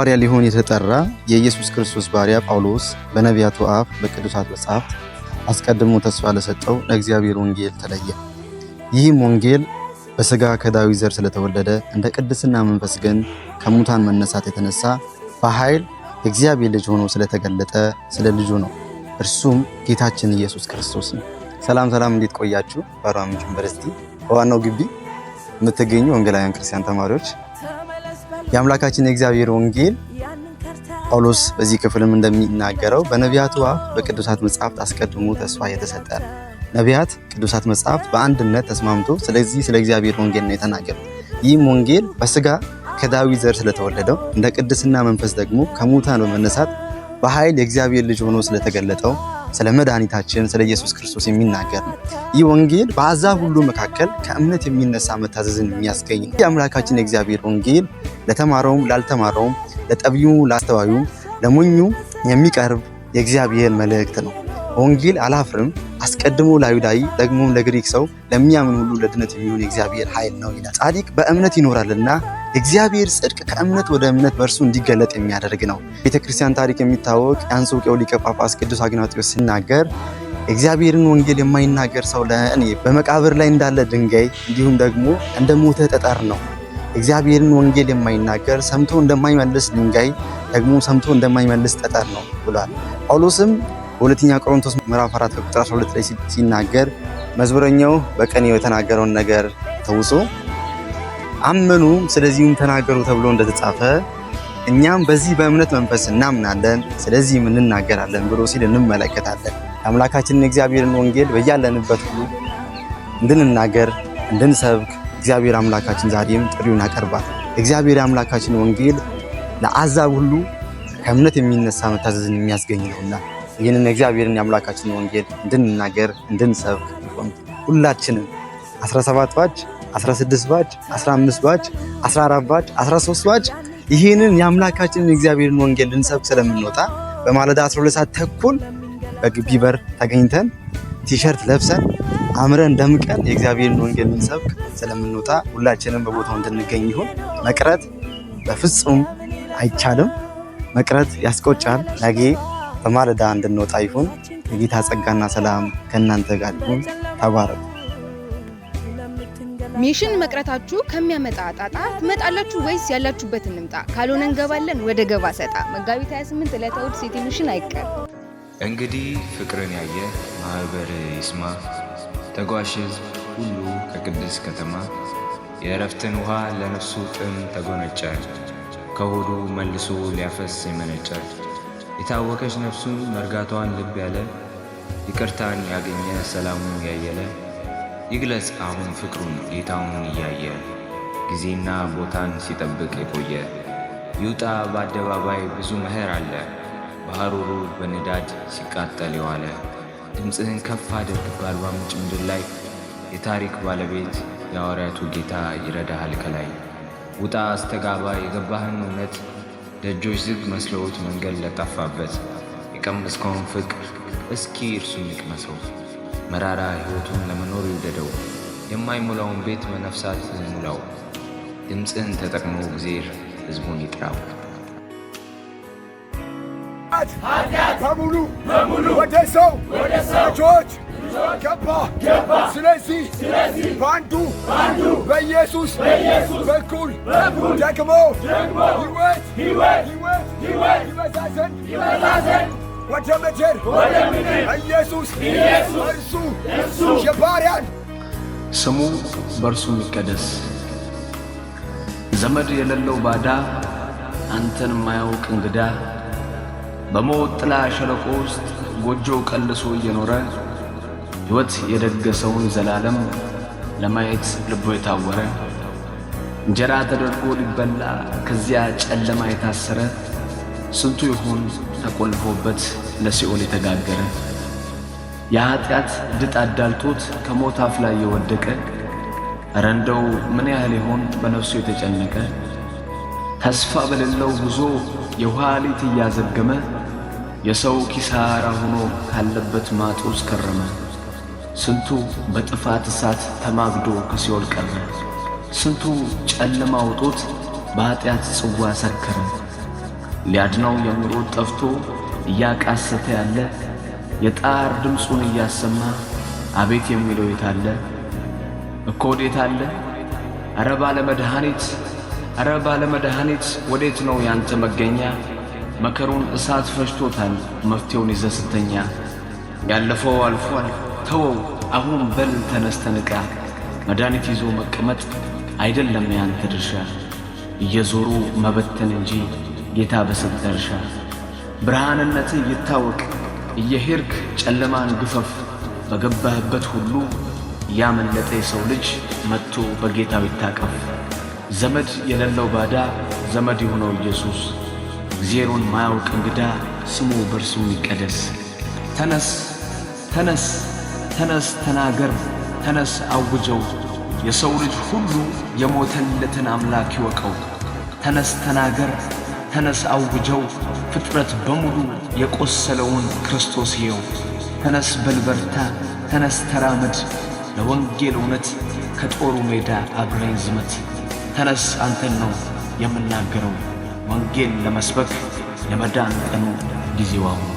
ሐዋርያ ሊሆን የተጠራ የኢየሱስ ክርስቶስ ባሪያ ጳውሎስ በነቢያቱ አፍ በቅዱሳት መጻሕፍት አስቀድሞ ተስፋ ለሰጠው ለእግዚአብሔር ወንጌል ተለየ። ይህም ወንጌል በሥጋ ከዳዊት ዘር ስለተወለደ እንደ ቅድስና መንፈስ ግን ከሙታን መነሳት የተነሳ በኃይል የእግዚአብሔር ልጅ ሆኖ ስለተገለጠ ስለ ልጁ ነው። እርሱም ጌታችን ኢየሱስ ክርስቶስ ነው። ሰላም ሰላም፣ እንዴት ቆያችሁ? በአርባ ምንጭ ዩኒቨርሲቲ በዋናው ግቢ የምትገኙ ወንጌላውያን ክርስቲያን ተማሪዎች የአምላካችን የእግዚአብሔር ወንጌል ጳውሎስ በዚህ ክፍልም እንደሚናገረው በነቢያቱ አፍ በቅዱሳት መጽሐፍት አስቀድሞ ተስፋ የተሰጠ ነው። ነቢያት ቅዱሳት መጽሐፍት በአንድነት ተስማምቶ ስለዚህ ስለ እግዚአብሔር ወንጌል ነው የተናገሩት። ይህም ወንጌል በስጋ ከዳዊት ዘር ስለተወለደው እንደ ቅድስና መንፈስ ደግሞ ከሙታን በመነሳት በኃይል የእግዚአብሔር ልጅ ሆኖ ስለተገለጠው ስለ መድኃኒታችን ስለ ኢየሱስ ክርስቶስ የሚናገር ነው። ይህ ወንጌል በአሕዛብ ሁሉ መካከል ከእምነት የሚነሳ መታዘዝን የሚያስገኝ ነው። የአምላካችን የእግዚአብሔር ወንጌል ለተማረውም ላልተማረውም ለጠቢዩ ላስተዋዩ ለሞኙ የሚቀርብ የእግዚአብሔር መልእክት ነው። ወንጌል አላፍርም አስቀድሞ ለአይሁዳዊ ደግሞም ለግሪክ ሰው ለሚያምን ሁሉ ለድነት የሚሆን የእግዚአብሔር ኃይል ነው ይላል። ጻድቅ በእምነት ይኖራልና የእግዚአብሔር ጽድቅ ከእምነት ወደ እምነት በእርሱ እንዲገለጥ የሚያደርግ ነው። ቤተ ክርስቲያን ታሪክ የሚታወቅ የአንጾኪያው ሊቀ ጳጳስ ቅዱስ አግናጢዎስ ሲናገር እግዚአብሔርን ወንጌል የማይናገር ሰው ለእኔ በመቃብር ላይ እንዳለ ድንጋይ እንዲሁም ደግሞ እንደ ሞተ ጠጠር ነው እግዚአብሔርን ወንጌል የማይናገር ሰምቶ እንደማይመልስ ድንጋይ ደግሞ ሰምቶ እንደማይመልስ ጠጠር ነው ብሏል። ጳውሎስም በሁለተኛ ቆሮንቶስ ምዕራፍ 4 ቁጥር 12 ላይ ሲናገር መዝሙረኛው በቀኔው የተናገረውን ነገር ተውሶ አመኑ ስለዚህም ተናገሩ ተብሎ እንደተጻፈ እኛም በዚህ በእምነት መንፈስ እናምናለን ስለዚህም እንናገራለን ብሎ ሲል እንመለከታለን። አምላካችንን እግዚአብሔርን ወንጌል በያለንበት ሁሉ እንድንናገር እንድንሰብክ እግዚአብሔር አምላካችን ዛሬም ጥሪውን ያቀርባል። እግዚአብሔር አምላካችን ወንጌል ለአዛብ ሁሉ ከእምነት የሚነሳ መታዘዝን የሚያስገኝ ነውና ይህንን እግዚአብሔርን የአምላካችን ወንጌል እንድንናገር እንድንሰብክ ሁላችንም 17 ባጅ 16 ባጅ 15 ባጅ 14 ባጅ 13 ባች ይህንን የአምላካችንን እግዚአብሔርን ወንጌል ልንሰብክ ስለምንወጣ በማለዳ 12 ሰዓት ተኩል በግቢ በር ተገኝተን ቲሸርት ለብሰን አምረን ደምቀን የእግዚአብሔርን ወንጌል እንሰብክ ስለምንወጣ ሁላችንም በቦታው እንድንገኝ ይሁን። መቅረት በፍጹም አይቻልም። መቅረት ያስቆጫል። ነገ በማለዳ እንድንወጣ ይሁን። የጌታ ጸጋና ሰላም ከእናንተ ጋር ይሁን። ተባረኩ። ሚሽን መቅረታችሁ ከሚያመጣ ጣጣ ትመጣላችሁ ወይስ ያላችሁበትን እንምጣ? ካልሆነ እንገባለን ወደ ገባ ሰጣ መጋቢት 28 ዕለተ እሑድ ሲቲ ሚሽን አይቀር። እንግዲህ ፍቅርን ያየ ማህበር ይስማ ተጓዥ ሕዝብ ሁሉ ከቅድስት ከተማ የእረፍትን ውኃ ለነፍሱ ጥም ተጎነጨ፣ ከሆዱ መልሶ ሊያፈስ የመነጨ የታወከች ነፍሱን መርጋቷን ልብ ያለ ይቅርታን ያገኘ ሰላሙን ያየለ ይግለጽ አሁን ፍቅሩን ጌታውን እያየ ጊዜና ቦታን ሲጠብቅ የቆየ ይውጣ በአደባባይ ብዙ መኸር አለ በሐሩሩ በንዳድ ሲቃጠል የዋለ ድምፅህን ከፍ አድርግ በአርባ ምንጭ ምድር ላይ የታሪክ ባለቤት የሐዋርያቱ ጌታ ይረዳሃል ከላይ ውጣ አስተጋባ የገባህን እውነት ደጆች ዝግ መስለውት መንገድ ለጠፋበት የቀመስከውን ፍቅር እስኪ እርሱን ይቅመሰው መራራ ሕይወቱን ለመኖር ይውደደው የማይሞላውን ቤት መነፍሳት ሙላው ድምፅህን ተጠቅሞ እግዜር ሕዝቡን ይጥራው ኃጢአት በሙሉ ወደ ሰው ልጆች ገባ። ስለዚህ በአንዱ በኢየሱስ በኩል ደግሞ ሕይወት ይመጣ ዘንድ ወደ ምድር ኢየሱስ እርሱ የባሪያን ስሙ በእርሱ ይቀደስ። ዘመድ የሌለው ባዳ አንተን የማያውቅ እንግዳ በሞት ጥላ ሸለቆ ውስጥ ጎጆ ቀልሶ እየኖረ ሕይወት የደገሰውን ዘላለም ለማየት ልቦ የታወረ እንጀራ ተደርጎ ሊበላ ከዚያ ጨለማ የታሰረ ስንቱ ይሆን ተቆልፎበት ለሲኦል የተጋገረ የኀጢአት ድጥ አዳልጦት ከሞት አፍ ላይ የወደቀ ረንደው ምን ያህል ይሆን በነፍሱ የተጨነቀ ተስፋ በሌለው ጉዞ የውሃ ሊት እያዘገመ የሰው ኪሳራ ሆኖ ካለበት ማጡ ውስጥ ከረመ። ስንቱ በጥፋት እሳት ተማግዶ ከሲኦል ቀረ። ስንቱ ጨለማ ውጦት በኀጢአት ጽዋ ሰከረ። ሊያድነው የሚሮጥ ጠፍቶ እያቃሰተ ያለ የጣር ድምፁን እያሰማ አቤት የሚለው የታለ? እኮ ወዴት አለ? አረ ባለ መድኃኒት እረ መድኃኒት ወዴት ነው ያንተ መገኛ? መከሩን እሳት ፈጅቶታል መፍትሄውን ይዘ ስተኛ። ያለፈው አልፏል ተወው አሁን በል ተነስተንቃ መድኃኒት ይዞ መቀመጥ አይደለም ያንተ ድርሻ፣ እየዞሩ መበተን እንጂ ጌታ በሰጠ እርሻ። ብርሃንነት ይታወቅ እየሄድክ ጨለማን ግፈፍ በገባህበት ሁሉ ያመለጠ የሰው ልጅ መጥቶ በጌታው ይታቀፍ። ዘመድ የሌለው ባዳ ዘመድ የሆነው ኢየሱስ እግዚአብሔርን ማያውቅ እንግዳ ስሙ በእርሱ ይቀደስ። ተነስ ተነስ ተነስ ተናገር፣ ተነስ አውጀው፣ የሰው ልጅ ሁሉ የሞተለትን አምላክ ይወቀው። ተነስ ተናገር፣ ተነስ አውጀው፣ ፍጥረት በሙሉ የቆሰለውን ክርስቶስ ይየው። ተነስ በልበርታ፣ ተነስ ተራመድ፣ ለወንጌል እውነት ከጦሩ ሜዳ አብረኝ ዝመት። ተነስ አንተን ነው የምናገረው ወንጌል ለመስበክ ለመዳን ቀኑ ጊዜው አሁን።